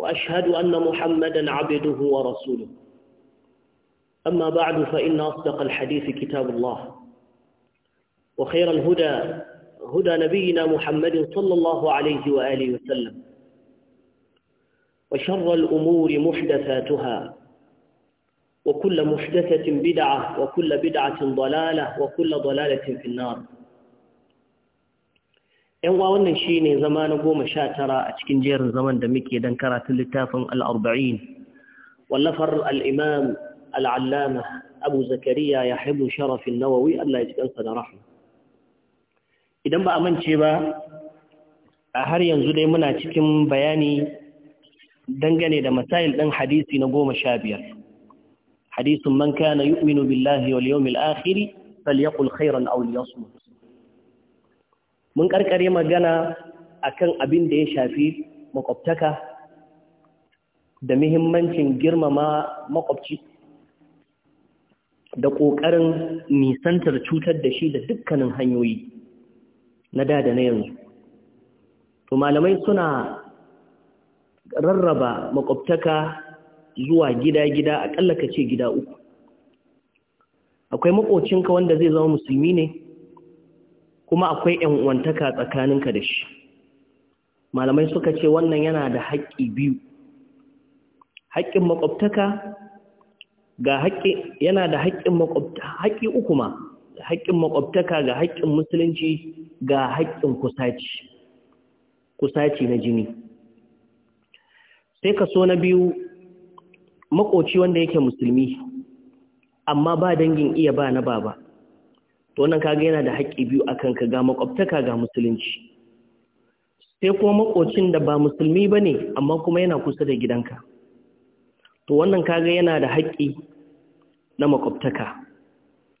وأشهد أن محمدا عبده ورسوله أما بعد فإن أصدق الحديث كتاب الله وخير الهدى هدى نبينا محمد صلى الله عليه وآله وسلم وشر الأمور محدثاتها وكل محدثة بدعة وكل بدعة ضلالة وكل ضلالة في النار 'yan wa wannan shi ne zama na goma sha tara a cikin jerin zaman da muke don karatun littafin al'arba'in wallafar al'imam al'allama abu zakariya ya haibu sharafin nawawi Allah ya ji kansa da rahama idan ba a mance ba a har yanzu dai muna cikin bayani dangane da masail ɗin hadisi na goma sha biyar hadisin man kana yu'minu billahi wal yawmil akhiri falyaqul khairan aw liyasmut mun karkare magana akan abin da ya shafi makwabtaka da muhimmancin girmama makwabci da ƙoƙarin nisantar cutar da shi da dukkanin hanyoyi na da da na yanzu to malamai suna rarraba makwabtaka zuwa gida-gida akalla ka ce gida uku akwai makocinka wanda zai zama musulmi ne kuma akwai ‘yan uwantaka tsakaninka da shi malamai suka ce wannan yana da haƙƙi biyu haƙƙin makwabtaka ga haƙƙi yana da haƙƙin makwabta haƙƙi uku ma haƙƙin makwabtaka ga haƙƙin musulunci ga haƙƙin kusaci kusaci na jini sai ka so na biyu maƙoci wanda yake musulmi amma ba dangin iya ba na baba to wannan kaga yana da haƙƙi biyu akan ka ga makwabtaka ga musulunci sai kuma makocin da ba musulmi ba ne amma kuma yana kusa da gidanka to wannan kaga yana da haƙƙi na makwabtaka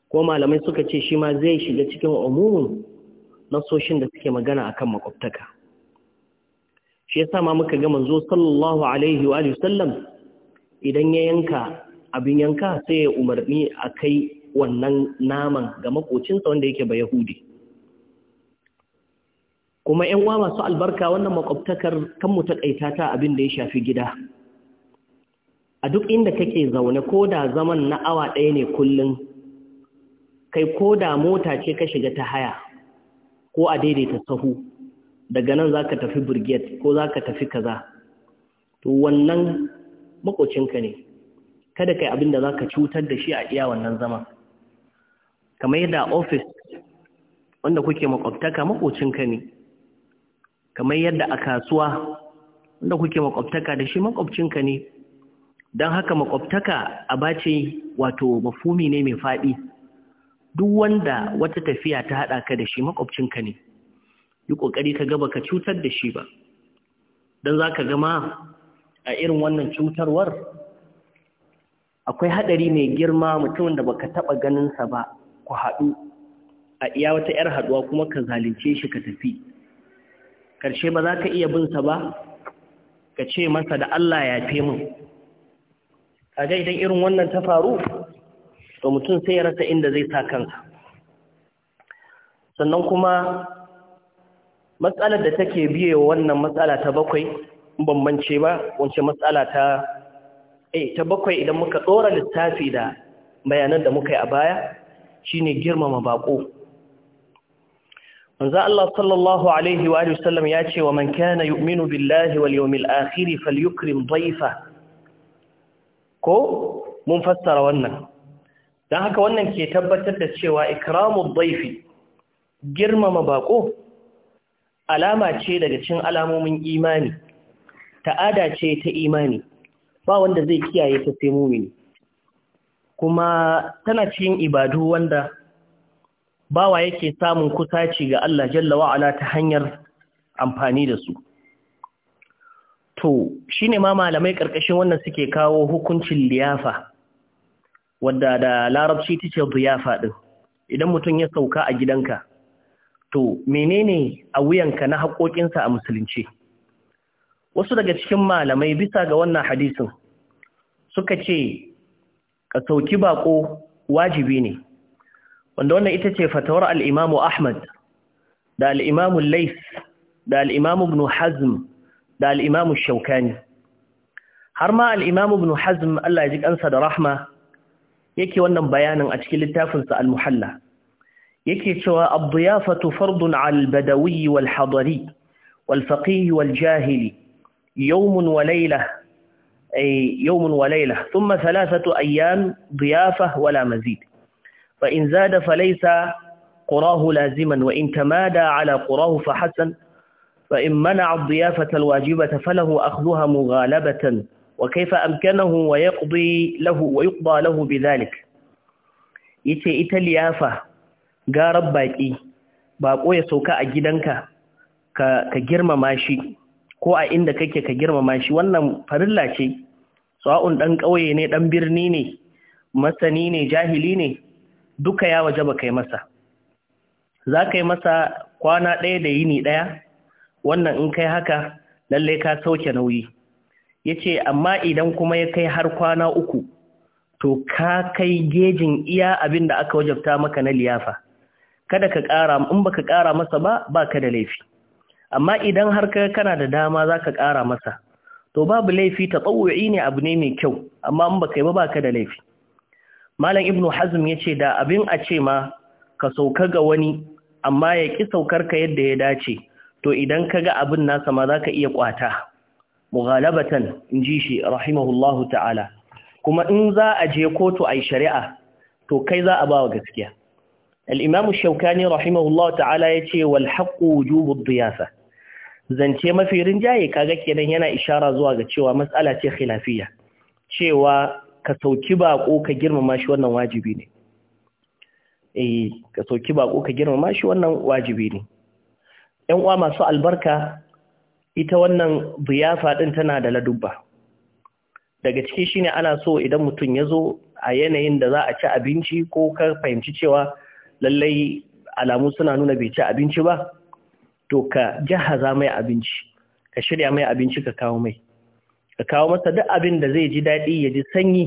ko malamai suka ce shi ma zai shiga cikin umumin nasoshin da suke magana akan makwabtaka shi yasa ma muka ga manzo sallallahu alaihi wa sallam idan ya yanka abin yanka sai ya umarni a kai wannan naman ga makocinsa wanda yake ba Yahudi. Kuma ‘yan uwa masu albarka wannan makwabtakar kanmu ta ƙaita ta abin da ya shafi gida. A duk inda kake zaune ko da zaman na awa ɗaya ne kullum, kai ko da mota ce ka shiga ta haya ko a daidaita sahu, daga nan za ka tafi Birgit ko za ka tafi kaza. To wannan makocinka ne, kada kai abin da za ka cutar da shi a iya wannan zaman. kamar yadda ofis wanda kuke makwabtaka makocinka ne kamar yadda a kasuwa wanda kuke makwabtaka da shi makwabcinka ne don haka makwabtaka a bace wato mafumi ne mai faɗi duk wanda wata tafiya ta haɗa ka da shi makwabcinka ne yi ƙoƙari ka gaba ka cutar da shi ba don za ka gama a irin wannan cutarwar akwai haɗari mai girma mutumin da baka taɓa ganinsa ba ku haɗu a iya wata ‘yar haɗuwa kuma ka zalunce shi ka tafi ƙarshe ba za ka iya bin sa ba ka ce masa da Allah ya fe A kaga idan irin wannan ta faru to mutum sai ya rasa inda zai sa kansa sannan kuma matsalar da take biye wa wannan matsala ta bakwai bambance ba wance matsala ta eh ta bakwai idan muka tsora littafi da bayanan da muka yi a baya shine girmama bako manzo Allah sallallahu alaihi wa alihi wasallam ya ce wa man kana yu'minu billahi wal yawmil akhir falyukrim dhayfa ko mun fassara wannan dan haka wannan ke tabbatar da cewa ikramu dhayfi girmama bako alama ce daga cikin alamomin imani ta'ada ce ta imani ba wanda zai kiyaye ta sai mumini kuma tana cikin ibadu wanda bawa yake samun kusaci ga Allah jalla wa'ala ta hanyar amfani da su to shine ma malamai ƙarƙashin wannan suke kawo hukuncin liyafa wadda da larabci tace ziyafa ɗin, idan mutum ya sauka a gidanka to menene a wuyanka na haƙoƙinsa a musulunci wasu daga cikin malamai bisa ga wannan hadisin suka ce ka sauki bako wajibi ne wanda wannan ita ce fatawar al'imamu ahmad da al'imamu lais da al'imamu ibn hazm da al'imamu shaukani har ma al'imamu ibn hazm Allah ya ji kansa da rahma yake wannan bayanin a cikin littafinsa al-muhalla yake cewa abdiyafatu fardun al-badawi wal hadari wal faqih wal jahili yawmun wa laylah أي يوم وليلة ثم ثلاثة أيام ضيافة ولا مزيد فإن زاد فليس قراه لازما وإن تمادى على قراه فحسن فإن منع الضيافة الواجبة فله أخذها مغالبة وكيف أمكنه ويقضي له ويقضى له بذلك يتي ita قارب باقي باقوية سوكاء جدنك كجرم ماشي ko a inda kake ka girmama shi wannan farilla ce sawa'un ɗan ƙauye ne ɗan birni ne masani ne jahili ne duka ya waje ba kai masa za ka yi masa kwana ɗaya da yini ɗaya wannan in kai haka lallai ka sauke nauyi ya ce amma idan kuma ya kai har kwana uku to ka kai gejin iya abin da aka wajabta maka na liyafa kada ka ƙara in baka ƙara masa ba ba ka da laifi amma idan har ka kana da dama za ka ƙara masa to babu laifi ta tsawo'i ne abu ne mai kyau amma in baka yi ba baka da laifi malam ibnu hazm ya ce da abin a ce ma ka sauka ga wani amma ya ƙi saukar ka yadda ya dace to idan ka ga abin nasa ma za ka iya ƙwata mughalabatan in ji shi rahimahullahu ta'ala kuma in za a je kotu a yi shari'a to kai za a ba wa gaskiya al'imamu shaukani rahimahullahu ta'ala ya ce wal haƙo wujubu zance mafi rinjaye kaga kenan yana ishara zuwa ga cewa matsala ce khilafiya. cewa ka sauki bako ka girmama shi wannan wajibi ne eh ka sauki bako ka girmama shi wannan wajibi ne ɗan uwa masu albarka ita wannan biyafa din tana da ladubba daga ciki shine ana so idan mutum ya zo a yanayin da za a ci abinci ko ka fahimci cewa lallai alamu suna nuna bai ci abinci ba to ka jahaza mai abinci ka shirya mai abinci ka kawo mai ka kawo masa duk abin da zai ji daɗi ya ji sanyi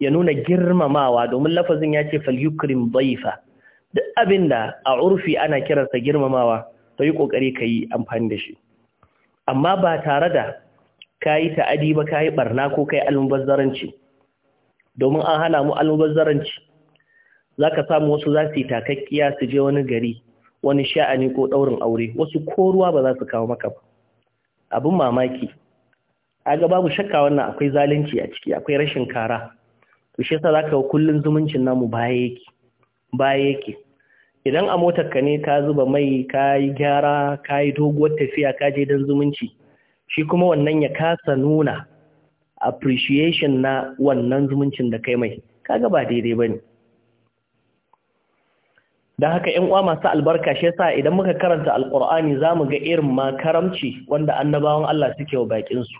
ya nuna girmamawa domin lafazin ya ce falyukrim baifa duk abin da a urfi ana kiransa girmamawa to yi ƙoƙari ka yi amfani da shi amma ba tare da ka yi ta'adi ba ka yi ɓarna ko kai yi almubazzaranci domin an hana mu almubazzaranci za ka samu wasu za su yi takakkiya su je wani gari wani sha'ani ko ɗaurin aure wasu ko ruwa ba za su kawo maka ba abin mamaki a ga babu shakka wannan akwai zalunci a ciki akwai rashin kara to shi yasa zaka ga kullun zumuncin namu baya yake baya yake idan a motar ka ne ka zuba mai ka yi gyara ka yi doguwar tafiya ka je dan zumunci shi kuma wannan ya kasa nuna appreciation na wannan zumuncin da kai mai kaga ba daidai bane don haka ‘yan uwa masu albarka shi yasa idan muka karanta alƙur'ani za mu ga irin makaramci wanda annabawan Allah suke wa baƙinsu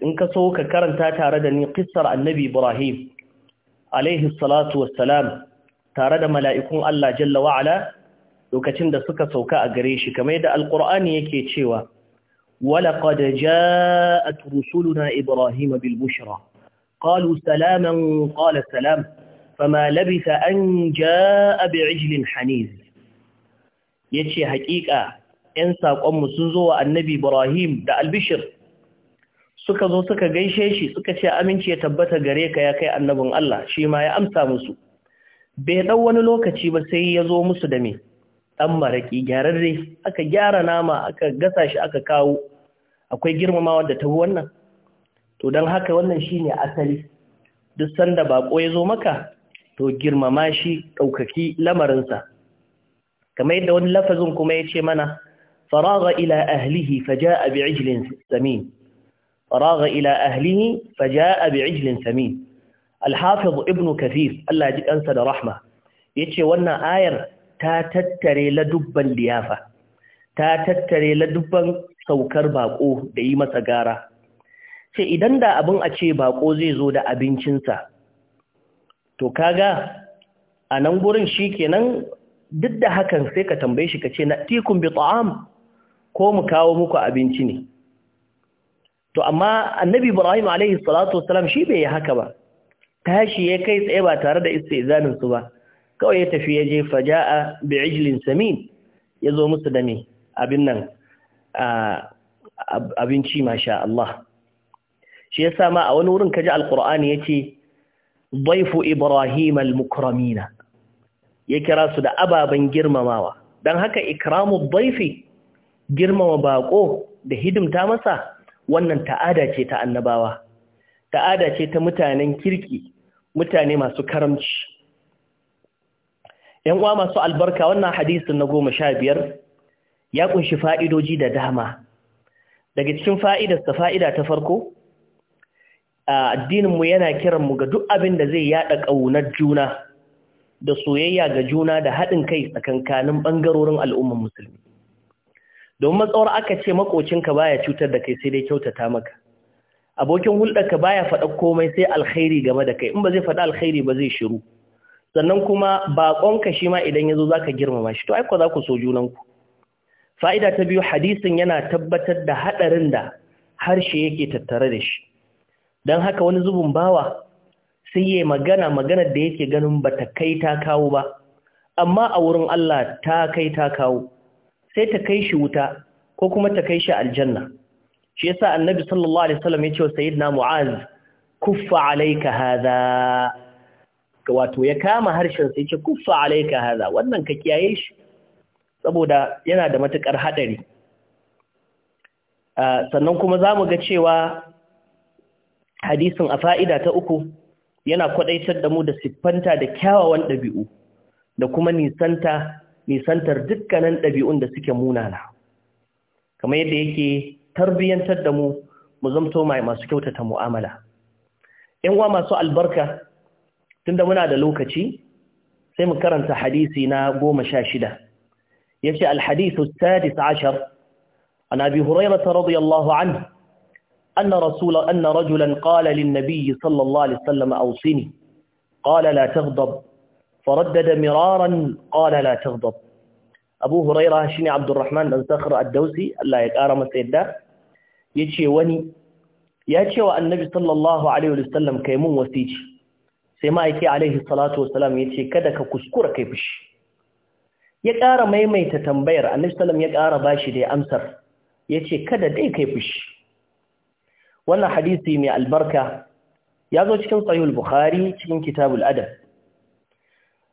in ka so ka karanta tare da ni ƙisar annabi ibrahim alaihi salatu wassalam tare da mala'ikun Allah jalla wa'ala lokacin da suka sauka a gare shi kamar yadda alƙur'ani yake cewa ولقد rusuluna Ibrahim إبراهيم بالبشرى قالوا سلاما قال salam. fama labisa an ja'a bi ijlin haniz yace haƙiƙa 'yan saƙonmu sun zo wa annabi Ibrahim da albishir suka zo suka gaishe shi suka ce aminci ya tabbata gare ka ya kai annabin Allah shi ma ya amsa musu bai ɗau wani lokaci ba sai ya zo musu da me ɗan maraƙi gyararre aka gyara nama aka gasa shi aka kawo akwai girmamawa da ta wannan to don haka wannan shine asali duk sanda baƙo ya zo maka to girmama shi ɗaukaki lamarinsa kamar yadda wani lafazin kuma ya ce mana faraga ila ahlihi bi bi'ijlin samin faraga ila ahlihi a bi'ijlin samin al ibn kafir Allah ji ɗansa da rahma yace wannan ayar ta tattare ladubban liyafa ta tattare ladubban saukar baƙo da yi masa gara sai idan da abin a ce baƙo zai zo da abincinsa to kaga a nan gurin shi kenan duk da hakan sai ka tambaye shi ka ce na tikun bi ta'am ko mu kawo muku abinci ne to amma annabi ibrahim alaihi salatu wassalam shi bai yi haka ba tashi ya kai tsaye ba tare da istizanin su ba kawai ya tafi ya je faja'a bi ijlin samin ya zo musu da me abin nan abinci masha Allah shi yasa ma a wani wurin kaji alqur'ani yace ضيف ya kira su da ababen girmamawa, دان haka ikramu الضيف girmama باقو da hidimta masa wannan ta'ada ce ta annabawa ta'ada ce ta mutanen kirki mutane masu karamci ‘yan uwa masu albarka wannan hadisin na goma sha biyar ya kunshi fa'idoji da dama daga cikin fa'idarsa fa'ida ta farko addininmu yana kiran mu ga duk abin da zai yaɗa ƙaunar juna da soyayya ga juna da haɗin kai tsakankanin ɓangarorin al'ummar musulmi. Domin matsawar aka ce makocinka baya cutar da kai sai dai kyautata maka. Abokin hulɗar ka baya faɗa komai sai alkhairi game da kai, in ba zai faɗa alkhairi ba zai shiru. Sannan kuma baƙonka shi ma idan ya zo za ka girmama shi, to aiko za ku so junanku. Fa'ida ta biyu hadisin yana tabbatar da haɗarin da harshe yake tattare da shi. don haka wani zubin bawa sai yi magana maganar da yake ganin ba ta kai ta kawo ba amma a wurin Allah ta kai ta kawo sai ta kai shi wuta ko kuma ta kai shi aljanna shi yasa annabi sallallahu alaihi wasallam ya ce wa sayyidina mu'az kuffa alayka hadha wato ya kama harshen sai ya ce kuffa alayka hadha wannan ka kiyaye shi saboda yana da matukar hadari ah, sannan kuma zamu ga cewa hadisin a fa'ida ta uku yana kwaɗaitar da mu da siffanta da kyawawan ɗabi'u da kuma nisanta nisantar dukkanin ɗabi'un da suke munana kamar yadda yake tarbiyyantar da mu mu zamto mai masu kyautata mu'amala ‘yan wa masu albarka tunda muna da lokaci sai mu karanta hadisi na goma sha shida ya ce alhadisu sadis ashar an abi hurairata radiyallahu anhu أن رسول أن رجلا قال للنبي صلى الله عليه وسلم أوصني قال لا تغضب فردد مرارا قال لا تغضب أبو هريرة شني عبد الرحمن بن أنتخر الدوسي الله يكرم السيد ده يجي وني يجي النبي صلى الله عليه وسلم كيمون وسيجي سمعك عليه الصلاة والسلام يجي كذا ككسكرة كيفش يكرم أي تنبير النبي صلى الله عليه وسلم يكرم باشدي أمسر يجي كذا ده كيفش wannan hadisi mai albarka ya zo cikin sahihul bukhari cikin kitabul adab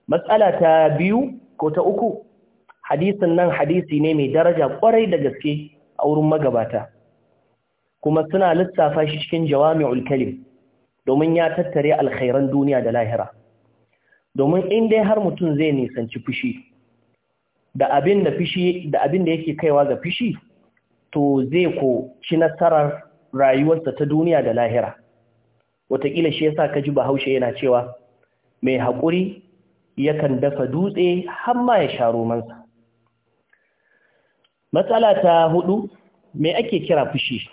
Matsala ta biyu ko ta uku hadisin nan hadisi ne mai daraja kwarai da gaske a wurin magabata kuma suna lissafa shi cikin jawami'ul kalim domin ya tattare alkhairan duniya da lahira domin in dai har mutum zai nisanci fushi da abin da fushi da abin da yake kaiwa ga fushi to zai ko ci nasarar rayuwarsa ta duniya da lahira wataƙila shi yasa ka ji bahaushe yana cewa mai haƙuri yakan dafa dutse har ma ya sha romansa matsala ta hudu me ake kira fushi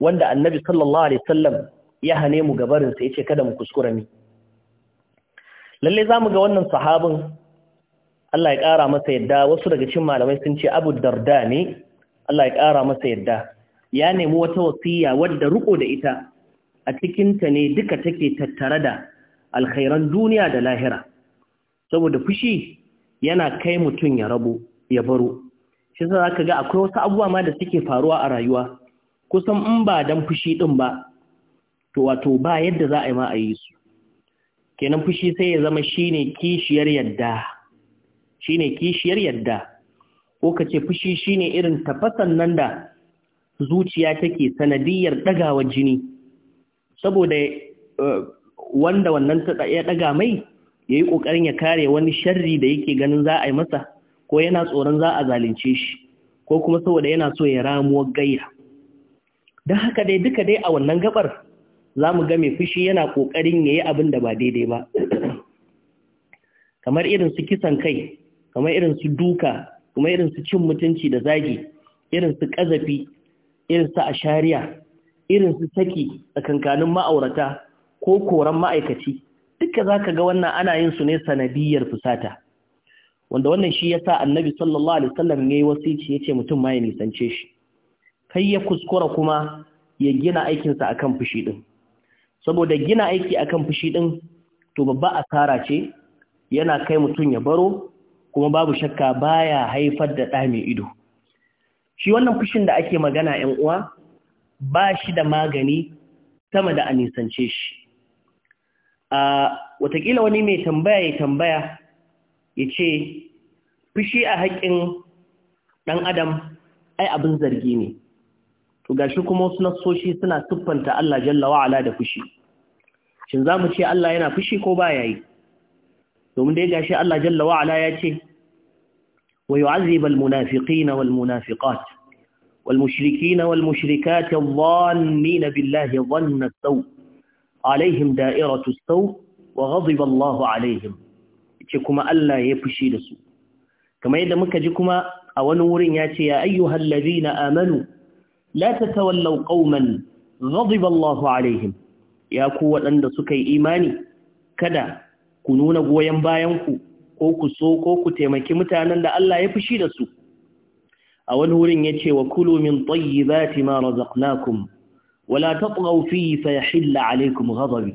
wanda annabi sallallahu alaihi wasallam ya hane mu gabarinsa ya ce kada mu kuskura ni lalle za mu ga wannan sahabin Allah ya ƙara masa yadda wasu daga cin malamai sun ce abu darda ne Allah ya ƙara masa yadda ya nemi wata wasiya wadda riko da ita a cikinta ne duka take tattare da alkhairan duniya da lahira saboda fushi yana kai mutum ya rabo ya baro shi za ka ga akwai wasu abubuwa ma da suke faruwa a rayuwa kusan in ba dan fushi din ba to wato ba yadda za a yi ma a yi su kenan fushi sai ya zama shine kishiyar yadda shine kishiyar yadda ko ka ce fushi shine irin tafasan nan da zuciya take sanadiyar ɗagawar jini saboda eh, wanda wannan ta ya daga mai ya yi ƙoƙarin ya kare wani sharri da yake ganin za a yi masa ko yana tsoron za a zalunce shi ko kuma saboda yana so ya ramuwar gayya don haka dai duka dai a wannan gabar za mu ga mai fushi yana ƙoƙarin ya yi abin da ba daidai ba kamar irin su kisan kai kamar irin su duka kamar irin su cin mutunci da zagi irin su ƙazafi irin su ashariya irin su saki tsakankanin ma'aurata ko koran ma'aikaci duka ka ga wannan ana yin su ne sanadiyar fusata wanda wannan shi yasa annabi sallallahu alaihi wasallam yayi wasici yace mutum ma ya nisance shi kai ya kuskura kuma ya gina aikinsa akan fushi din saboda gina aiki akan fushi din to babba asara ce yana kai mutum ya baro kuma babu shakka baya haifar da ɗa mai ido shi wannan fushin da ake magana ‘yan uwa ba shi da magani sama da a nisance shi. A watakila wani mai tambaya ya tambaya ya ce, fushi a haƙƙin ɗan adam ai abin zargi ne, to gashi kuma wasu nasoshi suna siffanta Allah jalla wa'ala da fushi. Shin za mu ce Allah yana fushi ko ba yayi? Domin dai gashi Allah jalla wa'ala ya ce, ويعذب المنافقين والمنافقات والمشركين والمشركات الظانين بالله ظن السوء عليهم دائرة السوء وغضب الله عليهم كما ألا يفشي لسو كما يدى مكة كما أونور ياتي يا أيها الذين آمنوا لا تتولوا قوما غضب الله عليهم يا قوة أن سكي إيماني كذا كنون قوين باينكو ko ku so ko ku taimaki mutanen da Allah ya fushi da su a wani wurin ya ce wa kulu min tayyibati ma razaqnakum wala tatghaw fi fayahilla alaykum ghadabi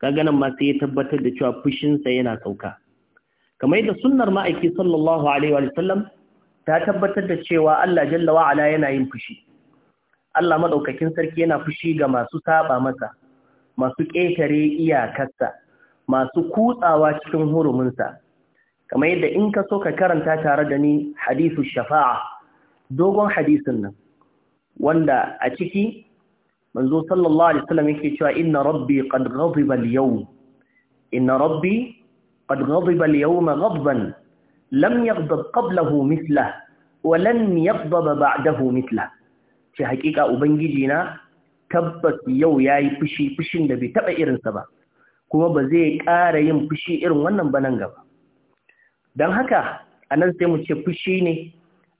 kaga nan ma sai ya tabbatar da cewa fushin yana sauka kamar yadda sunnar ma'aiki sallallahu alaihi wa sallam ta tabbatar da cewa Allah jalla wa ala yana yin fushi Allah madaukakin sarki yana fushi ga masu saba masa masu ƙetare iyakarsa masu kutsawa cikin huruminsa kamar yadda in ka so ka karanta tare da ni hadisu shafa'a dogon hadisin nan wanda a ciki manzo sallallahu alaihi wasallam yake cewa inna rabbi qad ghadiba al-yawm inna rabbi qad ghadiba al-yawm ghadban lam yaghdab qablahu mithlah wa lan yaghdab ba'dahu mithlah shi hakika ubangiji na tabbas yau yayi fushi fushin da bai taba irinsa ba kuma ba zai ƙara yin fushi irin wannan ba nan gaba don haka a nan sai mu ce fushi ne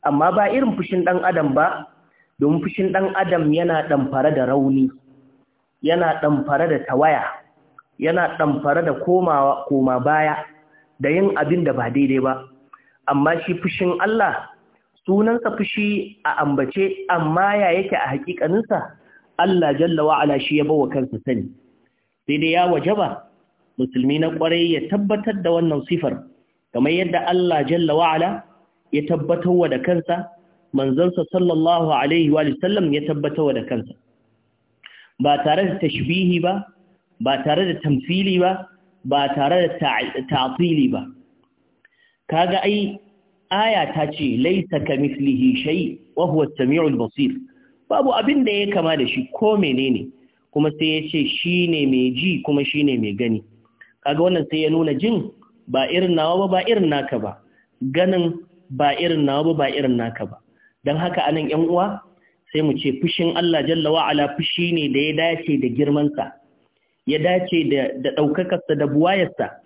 amma ba irin fushin ɗan adam ba domin fushin ɗan adam yana ɗamfare da rauni yana ɗamfare da tawaya yana ɗamfare da komawa koma baya da yin abin da ba daidai ba amma shi fushin Allah sunansa fushi a ambace amma ya yake a hakikaninsa Allah jalla ala shi ya bawa kansa sani sai dai ya wajaba musulmi na kwarai ya tabbatar da wannan sifar kamar yadda Allah jalla wa'ala ya tabbatar wa da kansa manzansa sallallahu alaihi wa sallam ya tabbatar wa da kansa ba tare da tashbihi ba ba tare da tamfili ba ba tare da ta'tili ba kaga ai aya ta ce laisa kamithlihi shay wa huwa as-sami'ul basir babu abin da ya kama da shi ko menene kuma sai ya ce shine mai ji kuma shine mai gani kaga wannan sai ya nuna jin ba irin nawa ba ba irin naka ba ganin ba irin nawa ba ba irin naka ba don haka anan yan uwa sai mu ce fushin Allah jalla wa ala fushi ne da ya dace da girmansa ya dace da ɗaukakarsa da buwayarsa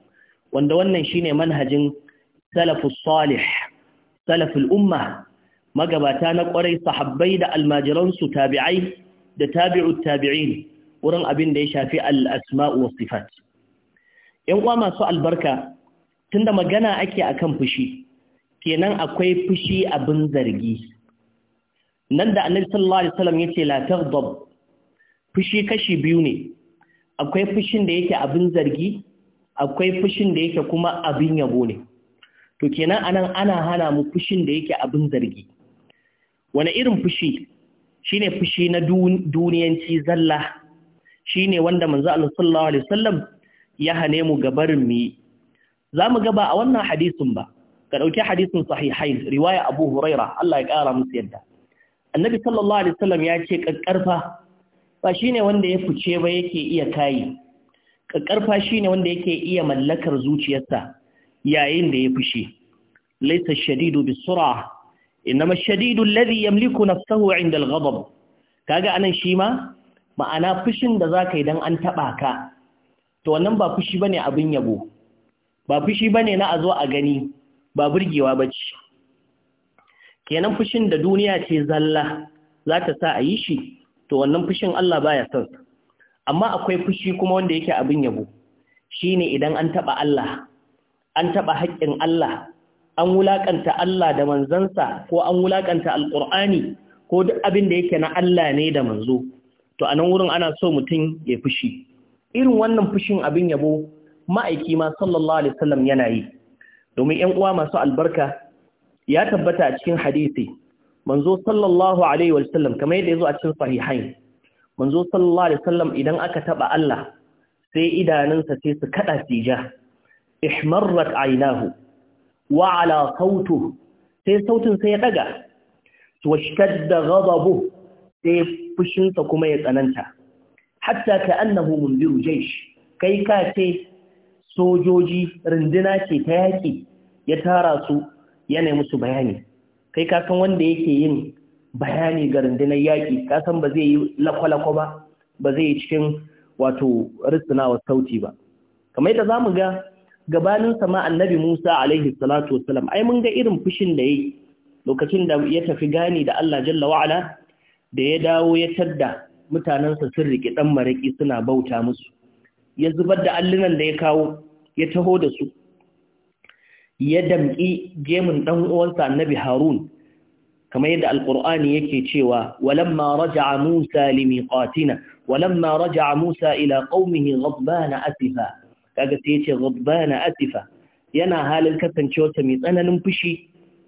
wanda wannan shine manhajin salafus salih salaful umma magabata na kwarai sahabbai da almajiransu tabi'ai da tabi'ut tabi'in wurin abin da ya shafi al-asma'u sifat yan uwa masu albarka tunda magana ake kan fushi kenan akwai fushi abin zargi nan da annabi sallallahu alaihi wasallam yace la taghdab fushi kashi biyu ne akwai fushin da yake abin zargi akwai fushin da yake kuma abin yabo ne to kenan anan ana hana mu fushin da yake abin zargi wani irin fushi shine fushi na duniyanci zalla shine wanda manzo Allah sallallahu alaihi wasallam ya hane mu gabar mu za mu gaba a wannan hadisin ba ka ɗauki hadisin sahihain riwaya abu huraira Allah ya ƙara musu yadda annabi sallallahu alaihi wasallam ya ce ƙaƙƙarfa ba ne wanda ya fice ba yake iya kayi ƙaƙƙarfa shine wanda yake iya mallakar zuciyarsa yayin da ya fushi laisa shadidu bisura inma shadidu alladhi yamliku nafsahu 'inda al-ghadab kaga anan shi ma ma'ana fushin da zaka yi dan an taɓa ka to wannan ba fushi ne, abin yabo ba fushi bane na a zo a gani ba burgewa ce. kenan fushin da duniya ce zalla za ta sa a yi shi to wannan fushin Allah baya son amma akwai fushi kuma wanda yake abin yabo Shi ne idan an taɓa Allah an taɓa haƙƙin Allah an wulaƙanta Allah da manzansa ko an wulaƙanta Alƙur'ani ko duk abin da yake na Allah ne da manzo to a nan wurin ana so mutum ya fushi irin wannan fushin abin yabo ma'aiki ma sallallahu alaihi wasallam yana yi domin 'yan uwa masu albarka ya tabbata a cikin hadisi manzo sallallahu alaihi wasallam kamar yadda yazo a cikin sahihain manzo sallallahu alaihi wasallam idan aka taɓa Allah sai idanunsa sai su kaɗa sija ihmarrat aynahu wa ala sautu sai sautin sai ya daga washtadda ghadabu sai fushinsa kuma ya tsananta hatta ka annahu mundiru jaysh kai ka ce sojoji Rinduna ce ta yaƙi ya tara su yana musu bayani kai kasan wanda yake yin bayani ga rundunar yaƙi kasan san ba zai yi lakwalakwa ba ba zai yi cikin wato risinawa sauti ba kamar yadda za mu ga gabanin sama annabi musa alaihi salatu wasalam ai mun ga irin fushin da ya lokacin da ya tafi gani da allah jalla wa'ala da ya dawo ya tadda mutanensa sun riƙe ɗan maraƙi suna bauta musu ya zubar da allunan da ya kawo ya taho da su ya damƙi gemun ɗan uwansa annabi harun kamar yadda alƙur'ani yake cewa walamma raja'a musa limiqatina walamma raja'a musa ila qaumihi ghadbana asifa kaga sai yace ghadbana asifa yana halin kasancewarsa mai tsananin fushi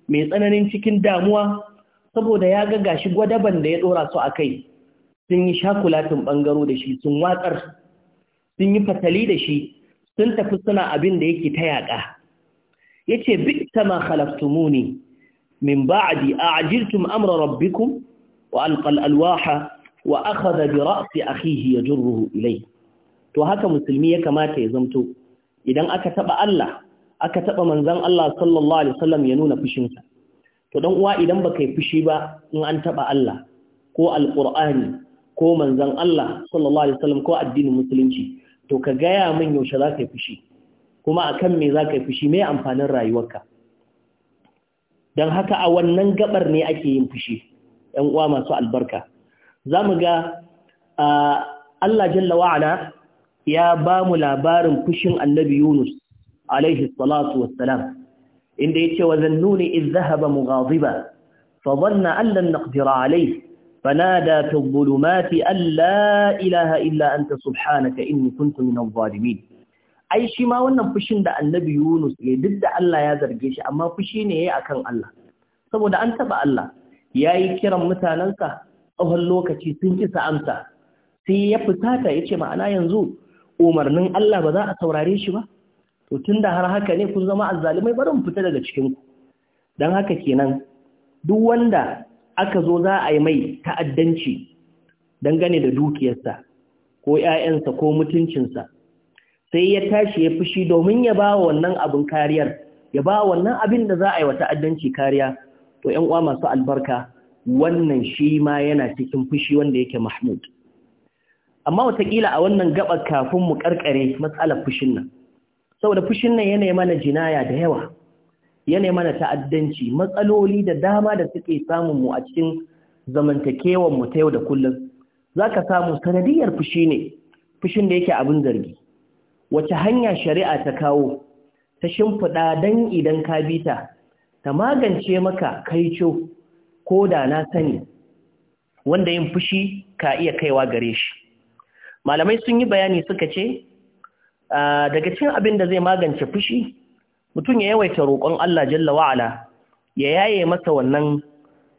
mai tsananin cikin damuwa saboda ya ga gashi gwadaban da ya dora su akai sun yi shakulatin bangaro da shi sun watsar sun yi fatali da shi sun tafi suna abin da yake ta yaƙa ya ce bitta ma khalaftumuni min ba'di a'jiltum amra rabbikum wa alwaha wa akhadha bi ra'si akhihi ruhu ilai. to haka musulmi ya kamata ya zamto idan aka taba Allah aka taɓa manzon Allah sallallahu alaihi wasallam ya nuna fushinsa to dan uwa idan baka yi fushi ba in an taɓa Allah ko alƙur'ani ko manzan Allah sallallahu alaihi wasallam ko addinin musulunci to ka gaya min yaushe za ka yi fushi kuma a kan me za ka yi fushi mai amfanin rayuwarka don haka a wannan gabar ne ake yin fushi ‘yan uwa masu albarka za mu ga Allah jalla wa'ala ya ba mu labarin fushin annabi Yunus alaihi salatu wassalam inda ya ce wa zannuni iz zahaba mughadiba fa dhanna an lan naqdira alayhi فنادى في الظلمات أن لا إله إلا أنت سبحانك إني كنت من الظالمين ai shi ma wannan fushin da annabi Yunus ya duk da Allah ya zarge shi amma fushi ne ya yayi akan Allah saboda an taɓa Allah yayi kiran mutanen sa, tsahon lokaci sun ki amsa sai ya ya ce ma'ana yanzu umarnin Allah ba za a saurare shi ba to tunda har haka ne kun zama azzalimai bari mu fita daga cikin ku dan haka kenan duk wanda aka zo za a yi mai ta'addanci dangane da dukiyarsa ko ‘ya'yansa ko mutuncinsa sai ya tashi ya fushi domin ya ba wannan abin kariyar ya ba wannan abin da za a yi wa ta'addanci kariya to ‘yan uwa masu albarka wannan shi ma yana cikin fushi wanda yake mahmud amma watakila a wannan gaba kafin mu karkare matsalar fushin nan saboda fushin nan yana mana jinaya da yawa Yanayi mana ta'addanci matsaloli da dama da suke samun mu a cikin zamantakewan mu ta yau da kullum zaka samu sanadiyar fushi ne fushin da yake abin zargi wace hanya shari'a ta kawo ta shimfiɗa dan idan ka bi ta ta magance maka kaico ko da na sani wanda yin fushi ka iya kaiwa gare shi malamai sun yi bayani suka ce ah, daga cikin abin da zai magance fushi mutum ya yawaita roƙon Allah jalla wa'ala ya yaye masa wannan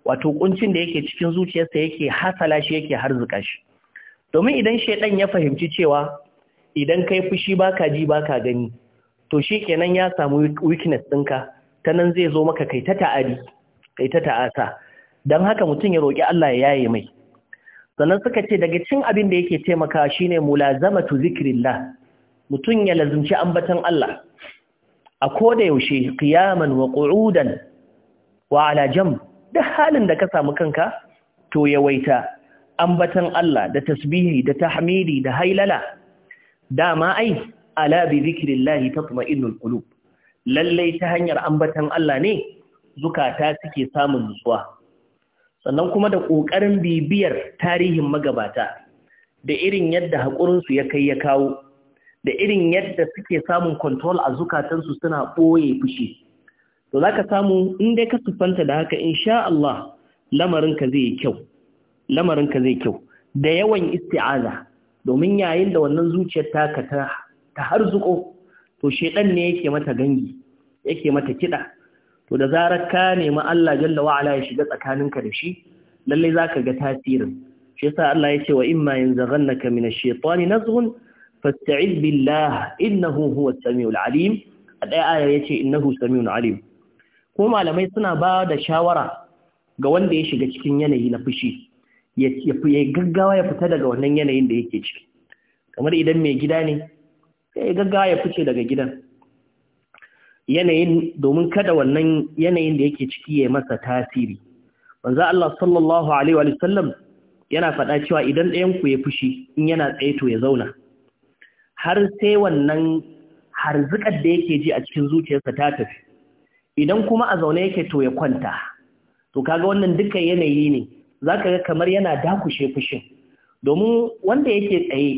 wato kuncin da yake cikin zuciyarsa yake hasala shi yake harzuka shi domin idan shaidan ya fahimci cewa idan kai fushi baka ji baka gani to shi kenan ya samu weakness ɗinka ta nan zai zo maka kai ta ta'adi kai ta ta'asa don haka mutum ya roƙi Allah ya yaye mai sannan suka ce daga cin abin da yake taimaka shine mulazamatu zikrillah mutum ya lazumci ambatan Allah a koda yaushe qiyaman wa qu'udan wa ala jam duk halin da ka samu kanka to yawaita ambatan Allah da tasbihi da tahmidi da hailala dama ai ala bi zikrillah tatma'innul qulub lalle ta hanyar ambatan Allah ne zukata suke samun nutsuwa sannan kuma da ƙoƙarin bibiyar tarihin magabata da irin yadda haƙurinsu ya kai ya kawo da irin yadda suke samun control a zukatansu suna ɓoye fushi to za ka samu inda ka siffanta da haka in sha Allah lamarinka zai kyau lamarinka zai kyau da yawan isti'aza domin yayin da wannan zuciyar taka ta har harzuko to shedan ne yake mata gangi yake mata kiɗa. to da zarar ka nemi Allah jalla Wa'ala ya shiga tsakaninka da shi lallai za ka ga tasirin shi sa Allah ya ce wa imma yanzaghannaka minash na nazghun fasta'iz billah innahu huwa samiul alim a ɗaya aya yace innahu samiul alim ko malamai suna ba da shawara ga wanda ya shiga cikin yanayi na fushi ya gaggawa ya fita daga wannan yanayin da yake ciki kamar idan mai gida ne sai ya gaggawa ya fice daga gidan yanayin domin kada wannan yanayin da yake ciki ya masa tasiri manzo Allah sallallahu alaihi wa sallam yana faɗa cewa idan ɗayan ku ya fushi in yana tsaye to ya zauna har sai wannan harzikar da yake ji a cikin zuciyarsa ta tafi idan kuma a zaune yake to ya kwanta to kaga wannan dukkan yanayi ne zaka ga kamar yana dakushe fushin domin wanda yake tsaye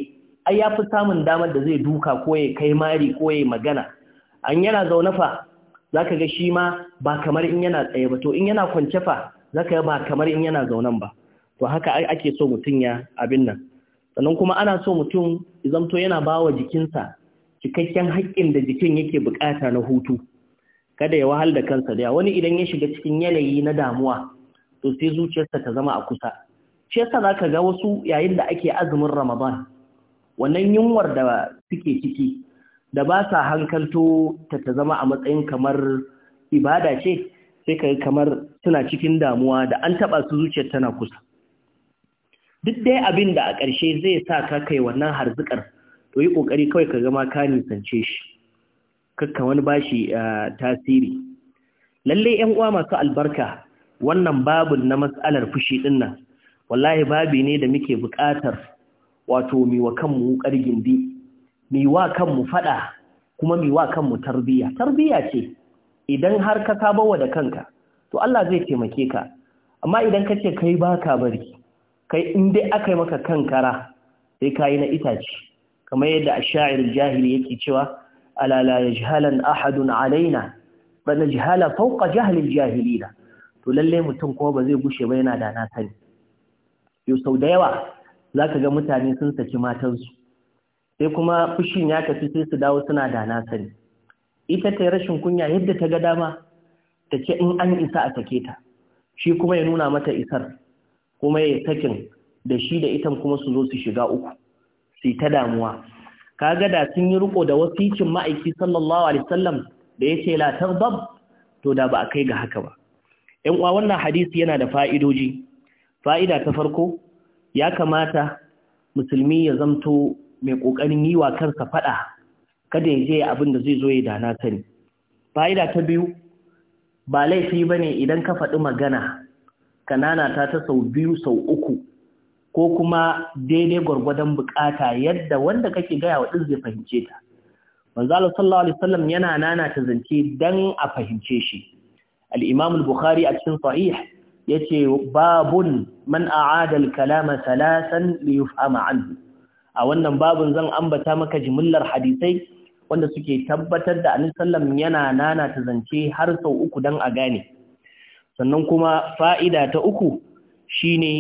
ai ya fi samun damar da zai duka ko ya kai mari ko ya magana an yana zaune fa zaka ga shi ma ba kamar in yana tsaye ba to in yana kwance fa zaka ga ba kamar in yana zaunen ba to haka ake so mutum ya abin nan sannan kuma ana so mutum zamto yana ba wa jikinsa cikakken haƙƙin da jikin yake buƙata na hutu kada ya wahal da kansa da wani idan ya shiga cikin yanayi na damuwa to sai zuciyarsa ta zama a kusa shi yasa zaka ga wasu yayin da ake azumin Ramadan wannan yunwar da suke ciki da ba sa hankalto ta ta zama a matsayin kamar ibada ce sai kai kamar suna cikin damuwa da an taɓa su zuciyar tana kusa duk dai abin da a ƙarshe zai sa ka kai wannan harzikar to yi ƙoƙari kawai ka gama ka nisance shi kakka wani bashi tasiri lallai yan uwa masu albarka wannan babun na matsalar fushi din nan wallahi babi ne da muke buƙatar wato mi wa kanmu wukar gindi mi wa kanmu faɗa kuma mi wa kanmu tarbiyya. Tarbiyya ce idan har ka sabawa da kanka to Allah zai taimake ka amma idan kace kai baka bari kai in dai aka yi maka kankara sai kayi na itace kamar yadda sha'ir jahili yake cewa ala la yajhalan ahadun alaina jihala fauka fawqa jahili jahilina to lalle mutum kuma ba zai gushe ba yana da na sani yau sau da yawa za ka ga mutane sun saki matansu sai kuma fushin ya tafi sai su dawo suna da na sani ita ta yi rashin kunya yadda ta ga dama ta ce in an isa a sake ta shi kuma ya nuna mata isar kuma ya sakin da shi da itan kuma su zo su shiga uku su ta damuwa kaga da sun yi riko da wasikin ma'aiki sallallahu alaihi wasallam da yace la taghdab to da ba a kai ga haka ba Yan uwa wannan hadisi yana da fa'idoji fa'ida ta farko ya kamata musulmi ya zamto mai kokarin yiwa wa kansa fada kada ya je abin da zai zo ya dana sani fa'ida ta biyu ba laifi bane idan ka faɗi magana kanana ta ta sau biyu sau uku ko kuma daidai gwargwadon bukata yadda wanda kake gaya wa ɗin zai fahimce ta manzo Allah sallallahu alaihi wasallam yana nana ta zance dan a fahimce shi al-Imam al-Bukhari a cikin sahih yace babun man a'ada al-kalama salasan li yufhama anhu a wannan babun zan ambata maka jimillar hadisai wanda suke tabbatar da Annabi sallam yana nana ta zance har sau uku dan a gane sannan kuma fa'ida ta uku shi ne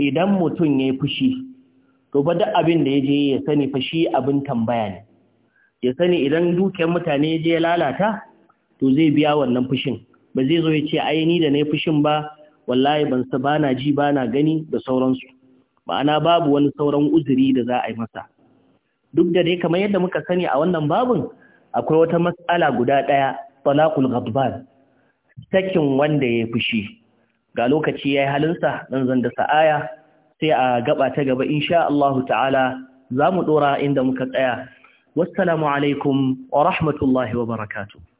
idan mutum ya fushi to ba duk abin da ya je ya sani fa abin tambaya ne ya sani idan dukiyar mutane ya je ya lalata to zai biya wannan fushin ba zai zo ya ce ai da na yi fushin ba wallahi ban sa bana ji bana gani da sauransu ma'ana babu wani sauran uzuri da za a yi masa duk da dai kamar yadda muka sani a wannan babin akwai wata matsala guda ɗaya talaqul ghadban sakin wanda ya fushi ga lokaci yayi halinsa ɗan zan da sa'aya sai a gaba ta gaba insha Allah ta'ala zamu dora inda muka tsaya wassalamu alaikum wa rahmatullahi wa barakatuh